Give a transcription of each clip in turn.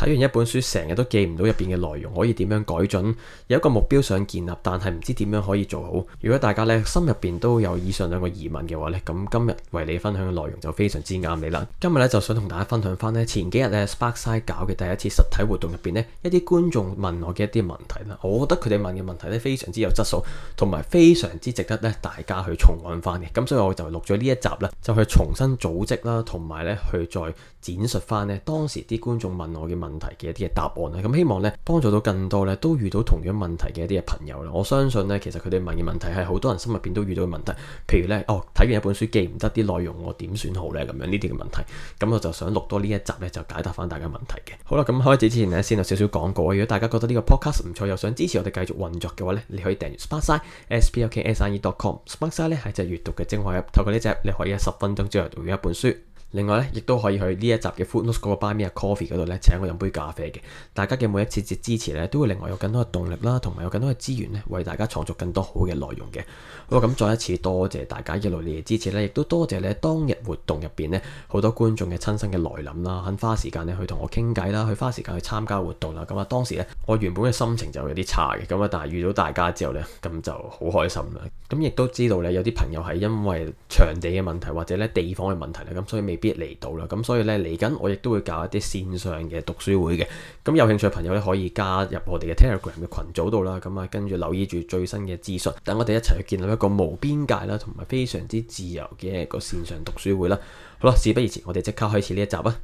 睇完一本書，成日都記唔到入邊嘅內容，可以點樣改進？有一個目標想建立，但係唔知點樣可以做好。如果大家呢心入邊都有以上兩個疑問嘅話呢，咁今日為你分享嘅內容就非常之啱你啦。今日呢，就想同大家分享翻呢前幾日呢 Sparkside 搞嘅第一次實體活動入邊呢一啲觀眾問我嘅一啲問題啦。我覺得佢哋問嘅問題呢非常之有質素，同埋非常之值得呢大家去重溫翻嘅。咁、嗯、所以我就錄咗呢一集啦，就去重新組織啦，同埋呢去再展述翻咧當時啲觀眾問我嘅問題嘅一啲嘅答案啦，咁、嗯、希望咧幫助到更多咧都遇到同樣問題嘅一啲嘅朋友啦。我相信咧其實佢哋問嘅問題係好多人心入邊都遇到嘅問題，譬如咧，哦睇完一本書記唔得啲內容我點算好咧，咁樣呢啲嘅問題，咁、嗯、我就想錄多呢一集咧就解答翻大家問題嘅。好啦，咁、嗯、開始之前咧先有少少廣告。如果大家覺得呢個 podcast 唔錯又想支持我哋繼續運作嘅話咧，你可以訂閱 Spark、spkasia.com。Spark 咧係隻閱讀嘅精華啦，透過呢隻你可以喺十分鐘之內讀完一本書。另外咧，亦都可以去呢一集嘅 footnote 嗰個 Buy Me A Coffee 嗰度咧，請我飲杯咖啡嘅。大家嘅每一次嘅支持咧，都會另外有更多嘅動力啦，同埋有更多嘅資源咧，為大家創作更多好嘅內容嘅。好咁，再一次多謝大家一路嚟嘅支持咧，亦都多謝你喺當日活動入邊咧，好多觀眾嘅親身嘅來臨啦，肯花時間咧去同我傾偈啦，去花時間去參加活動啦。咁啊，當時咧，我原本嘅心情就有啲差嘅，咁啊，但係遇到大家之後咧，咁就好開心啦。咁亦都知道咧，有啲朋友係因為場地嘅問題或者咧地方嘅問題咧，咁所以未必嚟到啦，咁所以咧，嚟緊我亦都會搞一啲線上嘅讀書會嘅，咁有興趣嘅朋友咧，可以加入我哋嘅 Telegram 嘅群組度啦，咁啊，跟住留意住最新嘅資訊，等我哋一齊去建立一個無邊界啦，同埋非常之自由嘅一個線上讀書會啦。好啦，事不宜遲，我哋即刻開始呢一集啊！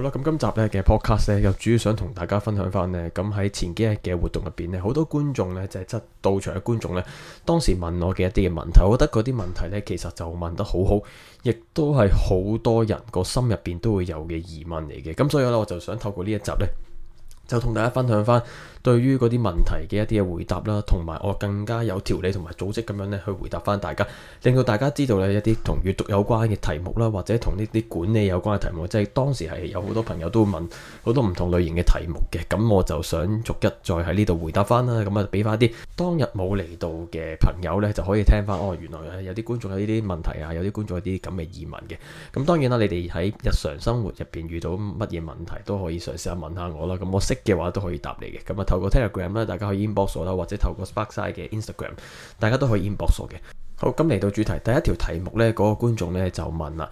好啦，咁今集咧嘅 podcast 咧，又主要想同大家分享翻咧，咁喺前幾日嘅活動入邊咧，好多觀眾咧，就係即到場嘅觀眾咧，當時問我嘅一啲嘅問題，我覺得嗰啲問題咧，其實就問得好好，亦都係好多人個心入邊都會有嘅疑問嚟嘅，咁所以咧，我就想透過呢一集咧。就同大家分享翻對於嗰啲問題嘅一啲嘅回答啦，同埋我更加有條理同埋組織咁樣咧去回答翻大家，令到大家知道咧一啲同閱讀有關嘅題目啦，或者同呢啲管理有關嘅題目，即係當時係有好多朋友都會問好多唔同類型嘅題目嘅，咁我就想逐一再喺呢度回答翻啦，咁啊俾翻啲當日冇嚟到嘅朋友咧就可以聽翻，哦原來有啲觀眾有呢啲問題啊，有啲觀眾有啲咁嘅疑問嘅，咁當然啦，你哋喺日常生活入邊遇到乜嘢問題都可以嘗試下問下我啦，咁我識嘅話都可以答你嘅，咁啊透過 Telegram 咧，大家可以 inbox 我啦；或者透過 Sparkside 嘅 Instagram，大家都可以 inbox 我嘅。好，咁嚟到主題，第一條題目呢，嗰個觀眾咧就問啦。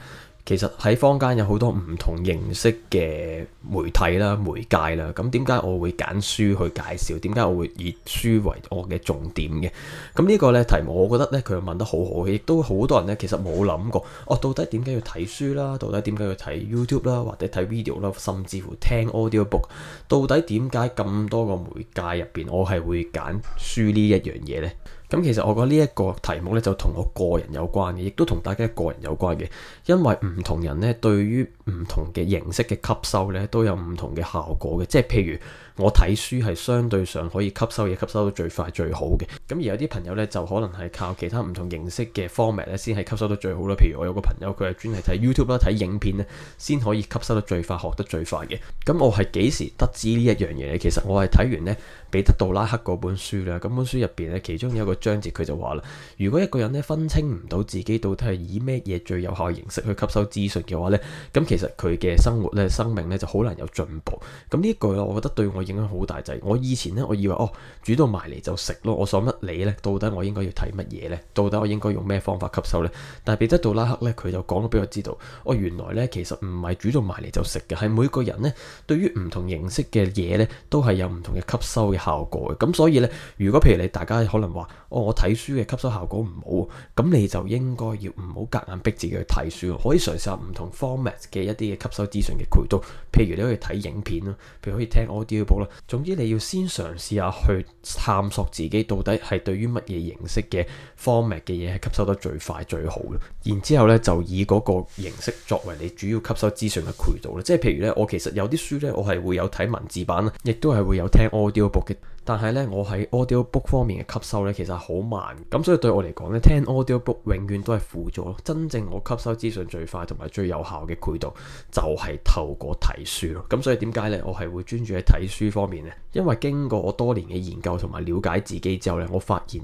其實喺坊間有好多唔同形式嘅媒體啦、媒介啦，咁點解我會揀書去介紹？點解我會以書為我嘅重點嘅？咁呢個咧題目，我覺得咧佢問得好好，亦都好多人咧其實冇諗過，我到底點解要睇書啦？到底點解要睇 YouTube 啦，you Tube，或者睇 video 啦，甚至乎聽 audiobook？到底點解咁多個媒介入邊，我係會揀書呢一樣嘢咧？咁其實我覺得呢一個題目呢，就同我個人有關嘅，亦都同大家個人有關嘅，因為唔同人呢對於唔同嘅形式嘅吸收咧，都有唔同嘅效果嘅。即係譬如我睇書係相對上可以吸收嘢，吸收到最快最好嘅。咁而有啲朋友咧，就可能係靠其他唔同形式嘅 format 咧，先係吸收到最好啦。譬如我有個朋友，佢係專係睇 YouTube 啦，睇影片咧，先可以吸收到最快，學得最快嘅。咁我係幾時得知呢一樣嘢咧？其實我係睇完咧《彼得·杜拉克》嗰本書啦。咁本書入邊咧，其中有一個章節佢就話啦，如果一個人咧分清唔到自己到底係以咩嘢最有效形式去吸收資訊嘅話咧，咁其其實佢嘅生活咧，生命咧就好難有進步。咁呢一句我覺得對我影響好大仔。我以前咧，我以為哦，煮到埋嚟就食咯。我想乜你咧？到底我應該要睇乜嘢咧？到底我應該用咩方法吸收咧？但係彼得杜拉克咧，佢就講咗俾我知道，哦，原來咧其實唔係煮到埋嚟就食嘅。係每個人咧，對於唔同形式嘅嘢咧，都係有唔同嘅吸收嘅效果嘅。咁所以咧，如果譬如你大家可能話哦，我睇書嘅吸收效果唔好，咁你就應該要唔好夾硬逼自己去睇書，可以嘗試下唔同 format 嘅。一啲嘅吸收資訊嘅渠道，譬如你可以睇影片咯，譬如可以聽 audio book 啦。總之你要先嘗試下去探索自己到底係對於乜嘢形式嘅 format 嘅嘢係吸收得最快最好咯。然之後咧就以嗰個形式作為你主要吸收資訊嘅渠道咧。即係譬如咧，我其實有啲書咧，我係會有睇文字版啦，亦都係會有聽 audio book 嘅。但係咧，我喺 audio book 方面嘅吸收咧，其實好慢，咁所以對我嚟講咧，聽 audio book 永遠都係輔助咯。真正我吸收資訊最快同埋最有效嘅渠道，就係透過睇書咯。咁所以點解咧，我係會專注喺睇書方面咧？因為經過我多年嘅研究同埋了解自己之後咧，我發現，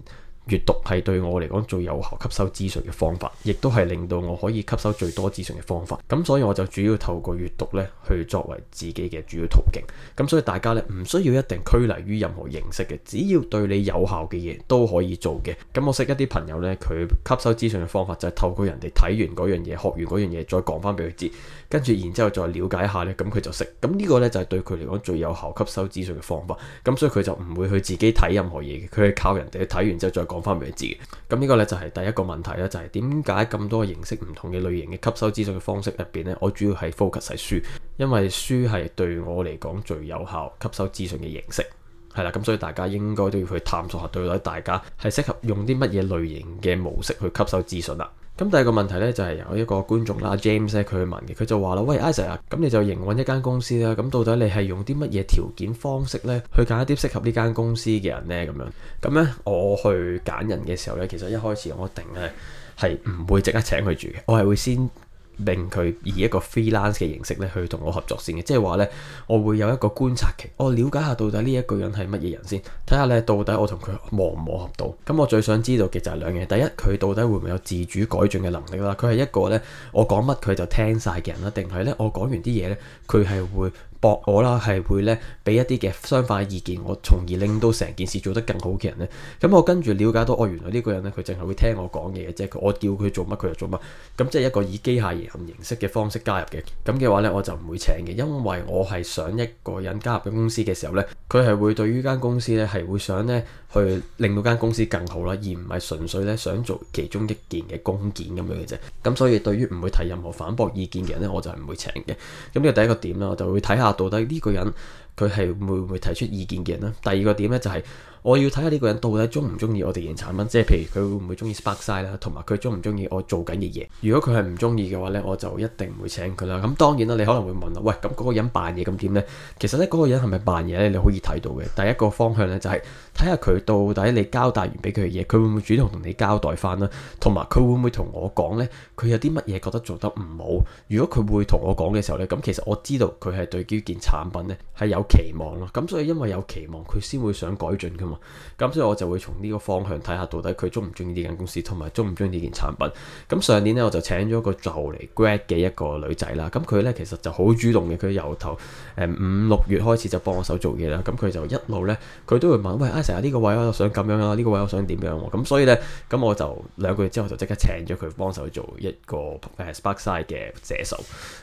閱讀係對我嚟講最有效吸收資訊嘅方法，亦都係令到我可以吸收最多資訊嘅方法。咁所以我就主要透過閱讀咧，去作為自己嘅主要途徑。咁所以大家咧，唔需要一定拘泥於任何形式嘅，只要對你有效嘅嘢都可以做嘅。咁我識一啲朋友咧，佢吸收資訊嘅方法就係透過人哋睇完嗰樣嘢，學完嗰樣嘢再講翻俾佢知，跟住然之後再了解一下咧，咁佢就識。咁呢個咧就係對佢嚟講最有效吸收資訊嘅方法。咁所以佢就唔會去自己睇任何嘢，佢係靠人哋去睇完之後再講。講翻俾你知，咁呢個咧就係第一個問題啦，就係點解咁多形式唔同嘅類型嘅吸收資訊嘅方式入邊咧，我主要係 focus 喺書，因為書係對我嚟講最有效吸收資訊嘅形式。係啦，咁所以大家應該都要去探索下，到底大家係適合用啲乜嘢類型嘅模式去吸收資訊啦。咁第二個問題呢，就係，是，有一個觀眾啦，啊，James 佢去問嘅，佢就話啦，喂，Isaac，a 咁，啊，你就營運一間公司啦，咁到底你係用啲乜嘢條件方式呢？去揀一啲適合呢間公司嘅人呢？」咁樣咁呢，我去揀人嘅時候呢，其實一開始我一定係係唔會即刻請佢住嘅，我係會先。令佢以一個 freelance 嘅形式咧，去同我合作先嘅，即係話呢，我會有一個觀察期，我了解下到底呢一個人係乜嘢人先，睇下呢到底我同佢磨唔磨合到。咁我最想知道嘅就係兩樣嘢，第一佢到底會唔會有自主改進嘅能力啦，佢係一個呢，我講乜佢就聽晒嘅人啦，定係呢，我講完啲嘢呢，佢係會。博我啦，係會咧俾一啲嘅相反意見我，從而令到成件事做得更好嘅人咧。咁我跟住了解到，我原來呢個人咧，佢淨係會聽我講嘢嘅啫。我叫佢做乜，佢就做乜。咁即係一個以機械人形式嘅方式加入嘅。咁嘅話咧，我就唔會請嘅，因為我係想一個人加入公司嘅時候咧，佢係會對於間公司咧係會想咧去令到間公司更好啦，而唔係純粹咧想做其中一件嘅工件咁樣嘅啫。咁所以對於唔會提任何反駁意見嘅人咧，我就係唔會請嘅。咁呢個第一個點啦，我就會睇下。到底呢個人？佢係會唔會提出意見嘅人呢？第二個點呢，就係我要睇下呢個人到底中唔中意我哋件產品，即係譬如佢會唔會中意 Sparkside 啦，同埋佢中唔中意我做緊嘅嘢？如果佢係唔中意嘅話呢，我就一定唔會請佢啦。咁當然啦，你可能會問啦，喂，咁嗰個人扮嘢咁點呢？其實呢，嗰個人係咪扮嘢呢？你可以睇到嘅第一個方向呢，就係睇下佢到底你交代完俾佢嘅嘢，佢會唔會主動同你交代翻啦？同埋佢會唔會同我講呢？佢有啲乜嘢覺得做得唔好？如果佢會同我講嘅時候呢，咁其實我知道佢係對呢件產品呢，係有期望咯，咁所以因為有期望，佢先會想改進噶嘛。咁所以我就會從呢個方向睇下，到底佢中唔中意呢間公司，同埋中唔中意呢件產品。咁上年咧，我就請咗個就嚟 grad 嘅一個女仔啦。咁佢咧，其實就好主動嘅，佢由頭誒五六月開始就幫我手做嘢啦。咁佢就一路咧，佢都會問喂，成日呢個位我想咁樣啊，呢、這呢個位我想點樣咁。所以咧，咁我就兩個月之後就即刻請咗佢幫手做一個誒、呃、sparkside 嘅寫手。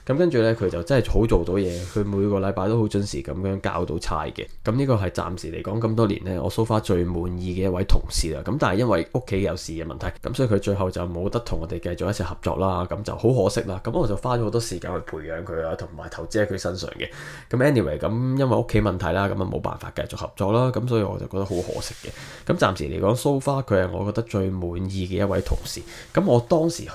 咁跟住咧，佢就真係好做到嘢，佢每個禮拜都好準時咁嘅。教到差嘅，咁呢個係暫時嚟講咁多年咧，我蘇花最滿意嘅一位同事啦。咁但係因為屋企有事嘅問題，咁所以佢最後就冇得同我哋繼續一齊合作啦。咁就好可惜啦。咁我就花咗好多時間去培養佢，啊，同埋投資喺佢身上嘅。咁 anyway，咁因為屋企問題啦，咁啊冇辦法繼續合作啦。咁所以我就覺得好可惜嘅。咁暫時嚟講，蘇花佢係我覺得最滿意嘅一位同事。咁我當時去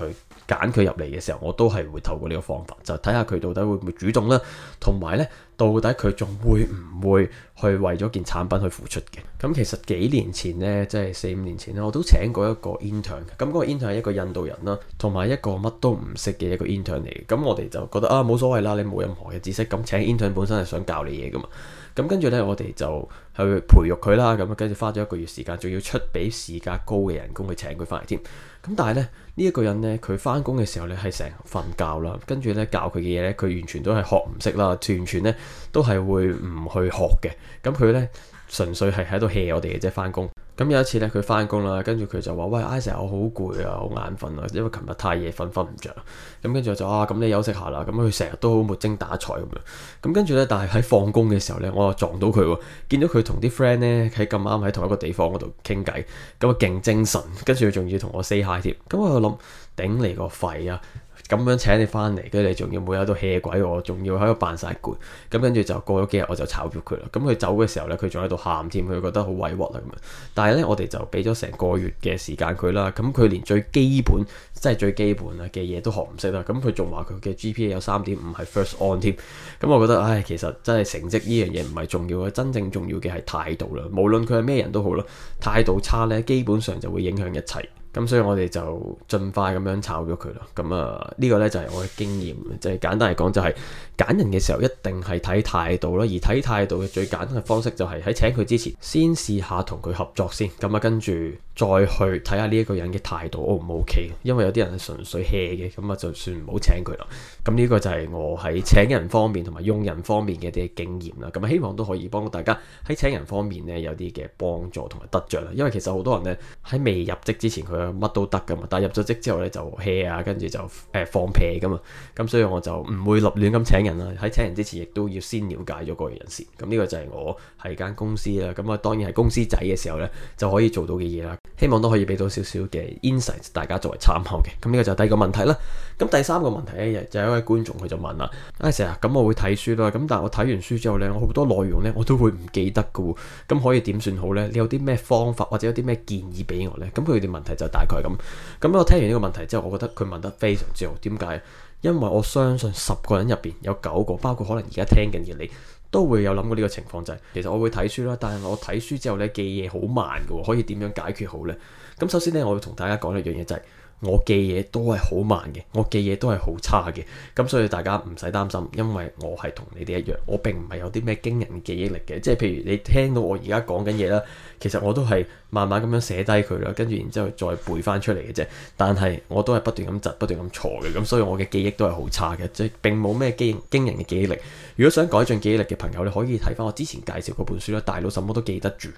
揀佢入嚟嘅時候，我都係會透過呢個方法，就睇下佢到底會唔會主動啦，同埋咧。到底佢仲會唔會去為咗件產品去付出嘅？咁其實幾年前呢，即係四五年前咧，我都請過一個 intern。咁、那、嗰個 intern 係一個印度人啦，同埋一個乜都唔識嘅一個 intern 嚟嘅。咁我哋就覺得啊，冇所謂啦，你冇任何嘅知識。咁請 intern 本身係想教你嘢㗎嘛。咁跟住呢，我哋就去培育佢啦。咁跟住花咗一個月時間，仲要出比市價高嘅人工去請佢返嚟添。咁但係呢。呢一個人呢，佢返工嘅時候呢，係成日瞓覺啦，跟住呢，教佢嘅嘢呢，佢完全都係學唔識啦，完全呢都係會唔去學嘅。咁佢呢，純粹係喺度 hea 我哋嘅啫，返工。咁有一次咧，佢翻工啦，跟住佢就話：喂，Ish，哎、我好攰啊，好眼瞓啊，因為琴日太夜瞓，瞓唔着。嗯，咁跟住我就：啊，咁你休息下啦。咁佢成日都好沒精打采咁樣。咁跟住咧，但係喺放工嘅時候咧，我又撞到佢喎，見到佢同啲 friend 咧喺咁啱喺同一個地方嗰度傾偈，咁啊，勁精神。跟住佢仲要同我 say hi 添。咁、嗯、我就諗頂你個肺啊！咁樣請你翻嚟，跟住你仲要每日都 hea 鬼我，仲要喺度扮晒攰。咁跟住就過咗幾日，我就炒咗佢啦。咁佢走嘅時候咧，佢仲喺度喊添，佢覺得好委屈啊咁啊。但係咧，我哋就俾咗成個月嘅時間佢啦。咁佢連最基本，即係最基本啊嘅嘢都學唔識啦。咁佢仲話佢嘅 GPA 有三點五，係 first on 添。咁我覺得，唉，其實真係成績呢樣嘢唔係重要嘅，真正重要嘅係態度啦。無論佢係咩人都好啦，態度差咧，基本上就會影響一切。咁所以我哋就盡快咁樣炒咗佢咯。咁啊呢個呢，就係我嘅經驗，就係簡單嚟講就係、是、揀人嘅時候一定係睇態度咯。而睇態度嘅最簡單嘅方式就係喺請佢之前先試下同佢合作先。咁啊跟住再去睇下呢一個人嘅態度 O 唔 O K。因為有啲人係純粹 hea 嘅，咁啊就算唔好請佢啦。咁呢個就係我喺請人方面同埋用人方面嘅啲經驗啦。咁啊希望都可以幫到大家喺請人方面呢，有啲嘅幫助同埋得着啦。因為其實好多人呢，喺未入職之前佢。乜都得噶、欸、嘛，但係入咗職之後咧就 hea 啊，跟住就誒放屁噶嘛，咁所以我就唔會立亂咁請人啦。喺請人之前，亦都要先了解咗嗰人事。咁呢個就係我係間公司啦。咁啊，當然係公司仔嘅時候咧就可以做到嘅嘢啦。希望都可以俾到少少嘅 insight，大家作為參考嘅。咁呢個就係第二個問題啦。咁第三個問題咧，就係一位觀眾佢就問啦，阿 Sir，咁我會睇書啦，咁但係我睇完書之後咧，我好多內容咧，我都會唔記得噶喎。咁可以點算好咧？你有啲咩方法或者有啲咩建議俾我咧？咁佢哋問題就係。大概咁，咁我聽完呢個問題之後，我覺得佢問得非常之好。點解？因為我相信十個人入邊有九個，包括可能而家聽緊嘅你，都會有諗過呢個情況。就係其實我會睇書啦，但係我睇書之後咧，記嘢好慢㗎喎，可以點樣解決好呢？咁首先咧，我會同大家講一樣嘢就係。我記嘢都係好慢嘅，我記嘢都係好差嘅，咁所以大家唔使擔心，因為我係同你哋一樣，我並唔係有啲咩驚人嘅記憶力嘅，即係譬如你聽到我而家講緊嘢啦，其實我都係慢慢咁樣寫低佢啦，跟住然之後再背翻出嚟嘅啫，但係我都係不斷咁窒、不斷咁錯嘅，咁所以我嘅記憶都係好差嘅，即係並冇咩驚人嘅記憶力。如果想改進記憶力嘅朋友，你可以睇翻我之前介紹嗰本書啦，《大佬什麼都記得住》。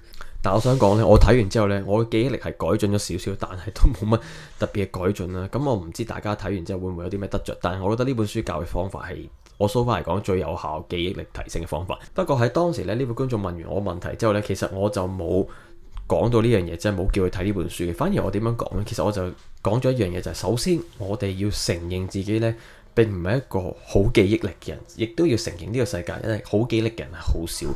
但我想講咧，我睇完之後呢，我嘅記憶力係改進咗少少，但係都冇乜特別嘅改進啦。咁我唔知大家睇完之後會唔會有啲咩得着，但係我覺得呢本書教嘅方法係我所翻嚟講最有效記憶力提升嘅方法。不過喺當時咧，呢位觀眾問完我問題之後呢，其實我就冇講到呢樣嘢，即係冇叫佢睇呢本書。反而我點樣講呢？其實我就講咗一樣嘢，就係首先我哋要承認自己呢。並唔係一個好記憶力嘅人，亦都要承認呢個世界，因為好記憶力嘅人係好少。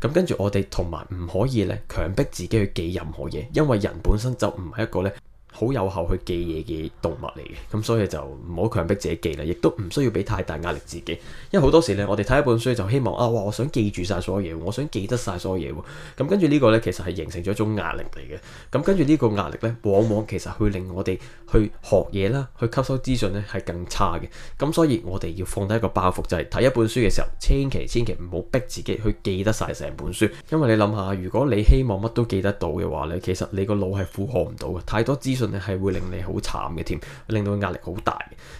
咁跟住我哋同埋唔可以咧強迫自己去記任何嘢，因為人本身就唔係一個咧，好有效去記嘢嘅動物嚟嘅，咁所以就唔好強迫自己記啦，亦都唔需要俾太大壓力自己，因為好多時咧，我哋睇一本書就希望啊，哇，我想記住晒所有嘢，我想記得晒所有嘢喎，咁跟住呢個咧，其實係形成咗一種壓力嚟嘅，咁跟住呢個壓力咧，往往其實會令我哋去學嘢啦，去吸收資訊咧係更差嘅，咁所以我哋要放低一個包袱，就係、是、睇一本書嘅時候，千祈千祈唔好逼自己去記得晒成本書，因為你諗下，如果你希望乜都記得到嘅話咧，其實你個腦係負荷唔到嘅，太多資訊。呢係會令你好慘嘅，添令到壓力好大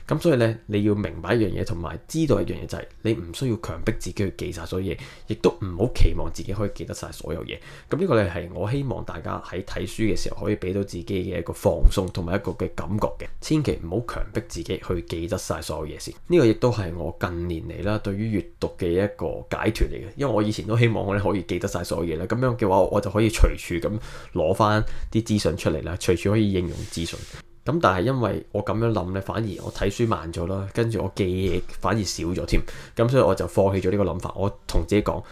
嘅。咁所以呢，你要明白一樣嘢，同埋知道一樣嘢就係，你唔需要強迫自己去記晒所有嘢，亦都唔好期望自己可以記得晒所有嘢。咁呢個呢，係我希望大家喺睇書嘅時候可以俾到自己嘅一個放鬆，同埋一個嘅感覺嘅。千祈唔好強迫自己去記得晒所有嘢先。呢個亦都係我近年嚟啦，對於閱讀嘅一個解脫嚟嘅。因為我以前都希望我哋可以記得晒所有嘢啦，咁樣嘅話我就可以隨處咁攞翻啲資訊出嚟啦，隨處可以認。用資訊咁，但係因為我咁樣諗呢，反而我睇書慢咗啦，跟住我記嘢反而少咗添，咁所以我就放棄咗呢個諗法。我同自己講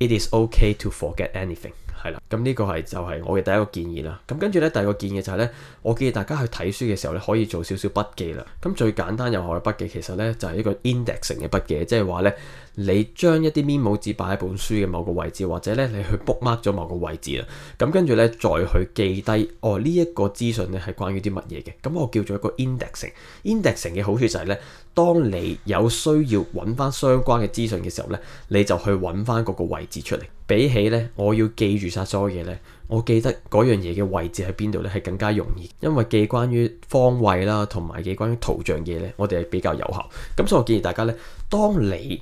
，It is okay to forget anything。係啦，咁、這、呢個係就係我嘅第一個建議啦。咁跟住呢，第二個建議就係、是、呢：我建議大家去睇書嘅時候咧，可以做少少筆記啦。咁最簡單又好嘅筆記，其實呢就係、是、一個 indexing 嘅筆記，即係話呢。你將一啲 memo 紙擺喺本書嘅某個位置，或者咧你去 book mark 咗某個位置啦，咁跟住咧再去記低哦，呢一個資訊咧係關於啲乜嘢嘅，咁我叫做一個 indexing。indexing 嘅好處就係咧，當你有需要揾翻相關嘅資訊嘅時候咧，你就去揾翻嗰個位置出嚟。比起咧我要記住晒所有嘢咧，我記得嗰樣嘢嘅位置喺邊度咧係更加容易，因為記關於方位啦同埋記關於圖像嘢咧，我哋係比較有效。咁所以我建議大家咧，當你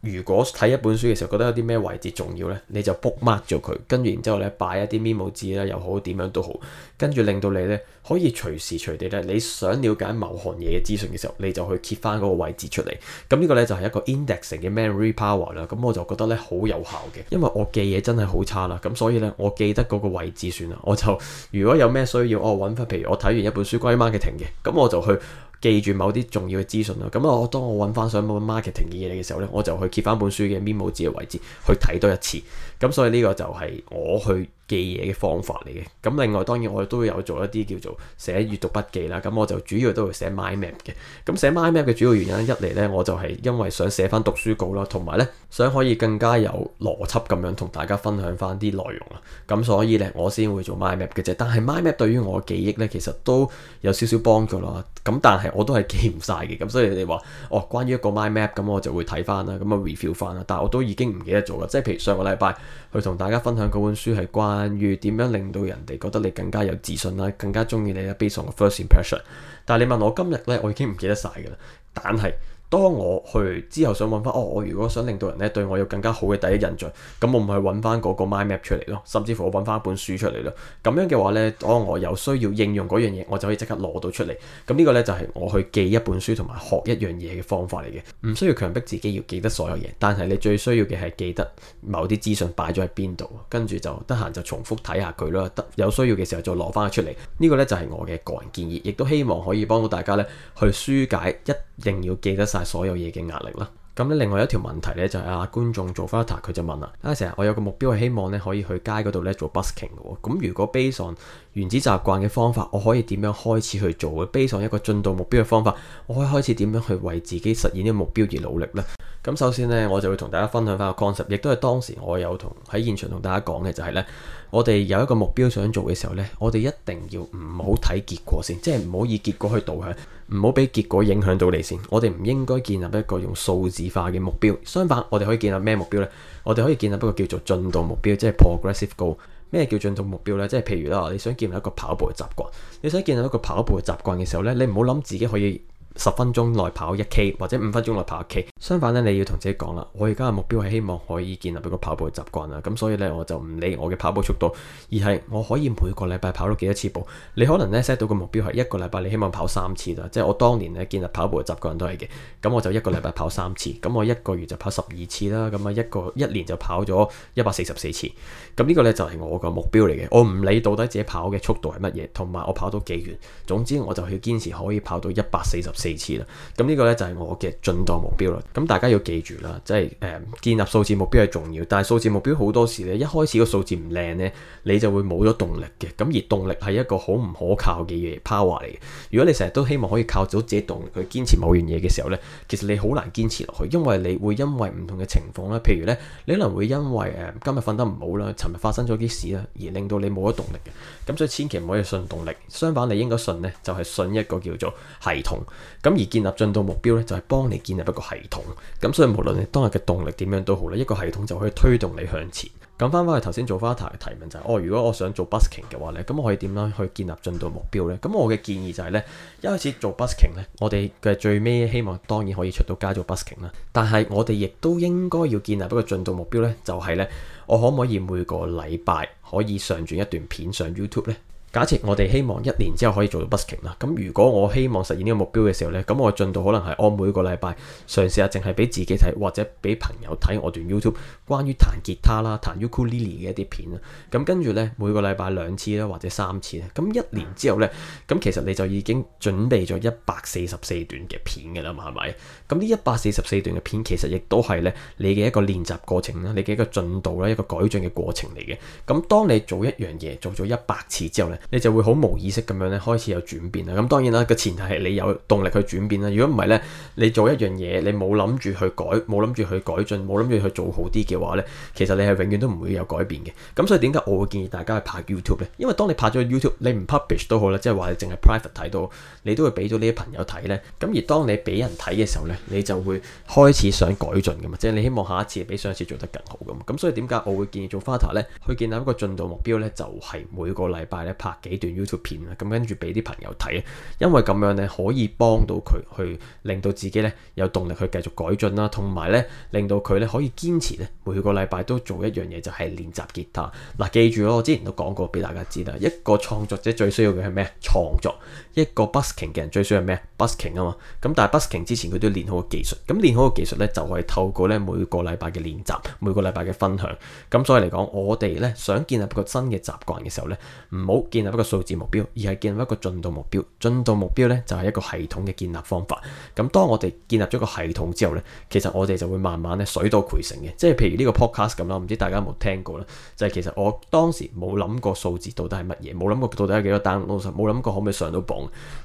如果睇一本書嘅時候覺得有啲咩位置重要呢，你就 book mark 咗佢，跟住然之後咧擺一啲 memo 紙啦，又好點樣都好，跟住令到你呢，可以隨時隨地咧你想了解某行嘢嘅資訊嘅時候，你就去揭翻嗰個位置出嚟。咁呢個呢，就係一個 indexing 嘅 memory power 啦。咁我就覺得呢，好有效嘅，因為我記嘢真係好差啦。咁所以呢，我記得嗰個位置算啦。我就如果有咩需要，我揾翻，譬如我睇完一本書，今晚嘅停嘅，咁我就去。記住某啲重要嘅資訊咯，咁我當我揾翻想問 marketing 嘅嘢嘅時候咧，我就去揭翻本書嘅 memo 字嘅位置去睇多一次，咁所以呢個就係我去。記嘢嘅方法嚟嘅，咁另外當然我都有做一啲叫做寫閱讀筆記啦，咁我就主要都會寫 mind map 嘅，咁寫 mind map 嘅主要原因一嚟呢，我就係因為想寫翻讀書稿啦，同埋呢，想可以更加有邏輯咁樣同大家分享翻啲內容啦，咁所以呢，我先會做 mind map 嘅啫，但係 mind map 對於我嘅記憶呢，其實都有少少幫助啦，咁但係我都係記唔晒嘅，咁所以你話哦，關於一個 mind map 咁，我就會睇翻啦，咁啊 review 翻啦，但我都已經唔記得咗啦，即係譬如上個禮拜去同大家分享嗰本書係關。但如點樣令到人哋覺得你更加有自信啦，更加中意你啦 based on first impression。但係你問我今日咧，我已經唔記得晒㗎啦。但係，當我去之後想揾翻，哦，我如果想令到人咧對我有更加好嘅第一印象，咁我咪去揾翻嗰個 mind map 出嚟咯，甚至乎我揾翻一本書出嚟咯。咁樣嘅話咧，當我有需要應用嗰樣嘢，我就可以即刻攞到出嚟。咁呢個咧就係、是、我去記一本書同埋學一樣嘢嘅方法嚟嘅，唔需要強迫自己要記得所有嘢，但係你最需要嘅係記得某啲資訊擺咗喺邊度，跟住就得閒就重複睇下佢咯。得有需要嘅時候再攞翻出嚟。這個、呢個咧就係、是、我嘅個人建議，亦都希望可以幫到大家咧去疏解，一定要記得所有嘢嘅壓力啦，咁咧另外一條問題咧就係啊觀眾 Zoefata 佢就問啦，阿成，i 我有個目標係希望咧可以去街嗰度咧做 busking 嘅。咁如果 based on 原子習慣嘅方法，我可以點樣開始去做嘅？based on 一個進度目標嘅方法，我可以開始點樣去為自己實現呢個目標而努力呢？咁首先咧，我就會同大家分享翻個 concept，亦都係當時我有同喺現場同大家講嘅就係咧。我哋有一個目標想做嘅時候呢，我哋一定要唔好睇結果先，即係唔好以結果去導向，唔好俾結果影響到你先。我哋唔應該建立一個用數字化嘅目標，相反，我哋可以建立咩目標呢？我哋可以建立一個叫做進度目標，即係 Progressive Goal。咩叫進度目標呢？即係譬如啦，你想建立一個跑步嘅習慣，你想建立一個跑步嘅習慣嘅時候呢，你唔好諗自己可以。十分鐘內跑一 K 或者五分鐘內跑一 K，相反咧你要同自己講啦，我而家嘅目標係希望可以建立一個跑步嘅習慣啦，咁所以咧我就唔理我嘅跑步速度，而係我可以每個禮拜跑到幾多次步。你可能咧 set 到個目標係一個禮拜你希望跑三次啊，即係我當年咧建立跑步嘅習慣都係嘅，咁我就一個禮拜跑三次，咁我一個月就跑十二次啦，咁啊一個一年就跑咗一百四十四次，咁呢個咧就係我個目標嚟嘅，我唔理到底自己跑嘅速度係乜嘢，同埋我跑到幾遠，總之我就要堅持可以跑到一百四十四四次啦，咁呢個咧就係我嘅進度目標啦。咁大家要記住啦，即係誒、呃、建立數字目標係重要，但係數字目標好多時咧，一開始個數字唔靚咧，你就會冇咗動力嘅。咁而動力係一個好唔可靠嘅嘢，power 嚟嘅。如果你成日都希望可以靠咗自己動力去堅持某樣嘢嘅時候咧，其實你好難堅持落去，因為你會因為唔同嘅情況咧，譬如咧，你可能會因為誒今日瞓得唔好啦，尋日發生咗啲事啦，而令到你冇咗動力嘅。咁所以千祈唔可以信動力，相反你應該信咧就係信一個叫做系統。咁而建立進度目標咧，就係幫你建立一個系統。咁所以無論你當日嘅動力點樣都好咧，一個系統就可以推動你向前。咁翻返去頭先做花壇嘅提問就係：哦，如果我想做 busking 嘅話咧，咁我可以點樣去建立進度目標咧？咁我嘅建議就係咧，一開始做 busking 咧，我哋嘅最尾希望當然可以出到街做 busking 啦。但係我哋亦都應該要建立一個進度目標咧，就係咧，我可唔可以每個禮拜可以上傳一段片上 YouTube 咧？假設我哋希望一年之後可以做到 busking 啦，咁如果我希望實現呢個目標嘅時候呢，咁我進度可能係按每個禮拜嘗試下，淨係俾自己睇或者俾朋友睇我段 YouTube 關於彈吉他啦、彈 Ukulele 嘅一啲片啦。咁跟住呢，每個禮拜兩次啦，或者三次咧。咁一年之後呢，咁其實你就已經準備咗一百四十四段嘅片嘅啦嘛，係咪？咁呢一百四十四段嘅片其實亦都係呢你嘅一個練習過程啦，你嘅一個進度啦，一個改進嘅過程嚟嘅。咁當你做一樣嘢做咗一百次之後呢。你就會好無意識咁樣咧，開始有轉變啦。咁當然啦，個前提係你有動力去轉變啦。如果唔係咧，你做一樣嘢，你冇諗住去改，冇諗住去改進，冇諗住去做好啲嘅話咧，其實你係永遠都唔會有改變嘅。咁所以點解我會建議大家去拍 YouTube 咧？因為當你拍咗 YouTube，你唔 publish 都好啦，即係話你淨係 private 睇到，你都會俾咗呢啲朋友睇咧。咁而當你俾人睇嘅時候咧，你就會開始想改進噶嘛，即係你希望下一次比上次做得更好噶嘛。咁所以點解我會建議做 Flatter 咧？去建立一個進度目標咧，就係每個禮拜咧百幾段 YouTube 片啊，咁跟住俾啲朋友睇，因為咁樣咧可以幫到佢去令到自己咧有動力去繼續改進啦，同埋咧令到佢咧可以堅持咧每個禮拜都做一樣嘢，就係練習吉他。嗱、啊，記住咯，我之前都講過俾大家知啦，一個創作者最需要嘅係咩？創作。一個 busking 嘅人最需要咩？busking 啊嘛。咁但係 busking 之前佢都要練好個技術。咁練好個技術咧就係透過咧每個禮拜嘅練習，每個禮拜嘅分享。咁所以嚟講，我哋咧想建立一個新嘅習慣嘅時候咧，唔好建立一個數字目標，而係建立一個進度目標。進度目標咧就係一個系統嘅建立方法。咁當我哋建立咗個系統之後咧，其實我哋就會慢慢咧水到渠成嘅。即係譬如呢個 podcast 咁啦，唔知大家有冇聽過啦？就係其實我當時冇諗過數字到底係乜嘢，冇諗過到底有幾多 download，老實冇諗過可唔可以上到榜。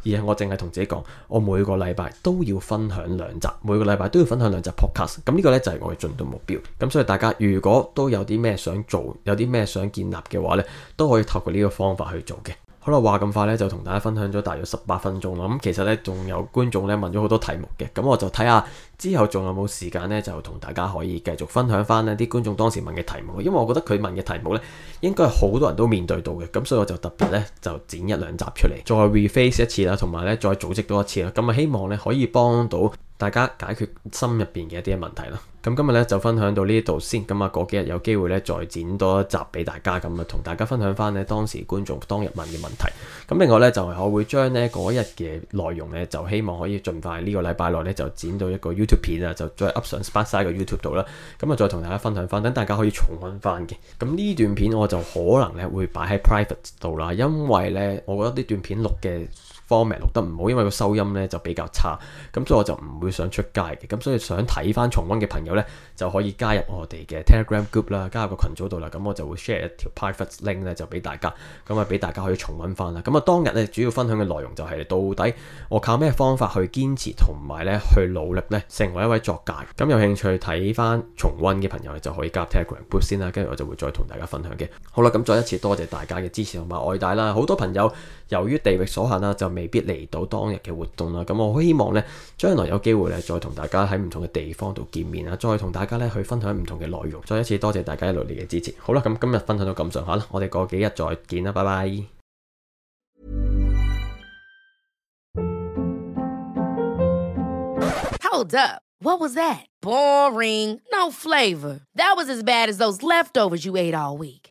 而係我淨係同自己講，我每個禮拜都要分享兩集，每個禮拜都要分享兩集 podcast。咁呢個咧就係我嘅進度目標。咁所以大家如果都有啲咩想做，有啲咩想建立嘅話咧，都可以透過呢個方法去。做嘅，好啦，話咁快咧就同大家分享咗大約十八分鐘啦。咁其實咧仲有觀眾咧問咗好多題目嘅，咁我就睇下之後仲有冇時間咧就同大家可以繼續分享翻呢啲觀眾當時問嘅題目，因為我覺得佢問嘅題目咧應該係好多人都面對到嘅，咁所以我就特別咧就剪一兩集出嚟，再 reface 一次啦，同埋咧再組織多一次啦，咁啊希望咧可以幫到。大家解決心入邊嘅一啲問題啦。咁今日咧就分享到呢度先。咁啊，嗰幾日有機會咧再剪多一集俾大家，咁啊同大家分享翻咧當時觀眾當日問嘅問題。咁另外咧就係，我會將咧嗰日嘅內容咧就希望可以盡快呢個禮拜內咧就剪到一個 YouTube 片啊，就再 upload 上 Sparkside 嘅 YouTube 度啦。咁啊再同大家分享翻，等大家可以重温翻嘅。咁呢段片我就可能咧會擺喺 private 度啦，因為咧我覺得呢段片錄嘅。畫面錄得唔好，因為個收音咧就比較差，咁所以我就唔會想出街嘅，咁所以想睇翻重温嘅朋友咧就可以加入我哋嘅 Telegram group 啦，加入個群組度啦，咁我就會 share 一條 private link 咧就俾大家，咁啊俾大家可以重温翻啦，咁啊當日咧主要分享嘅內容就係到底我靠咩方法去堅持同埋咧去努力咧成為一位作家，咁有興趣睇翻重温嘅朋友咧就可以加入 Telegram group 先啦，跟住我就會再同大家分享嘅，好啦，咁再一次多謝大家嘅支持同埋愛戴啦，好多朋友。由於地域所限啊，就未必嚟到當日嘅活動啦。咁我好希望咧，將來有機會咧，再同大家喺唔同嘅地方度見面啊，再同大家咧去分享唔同嘅內容。再一次多謝大家一路嚟嘅支持。好啦，咁今日分享到咁上下啦，我哋過幾日再見啦，拜拜。Hold up! What was that? Boring, no flavor. That was as bad as those leftovers you ate all week.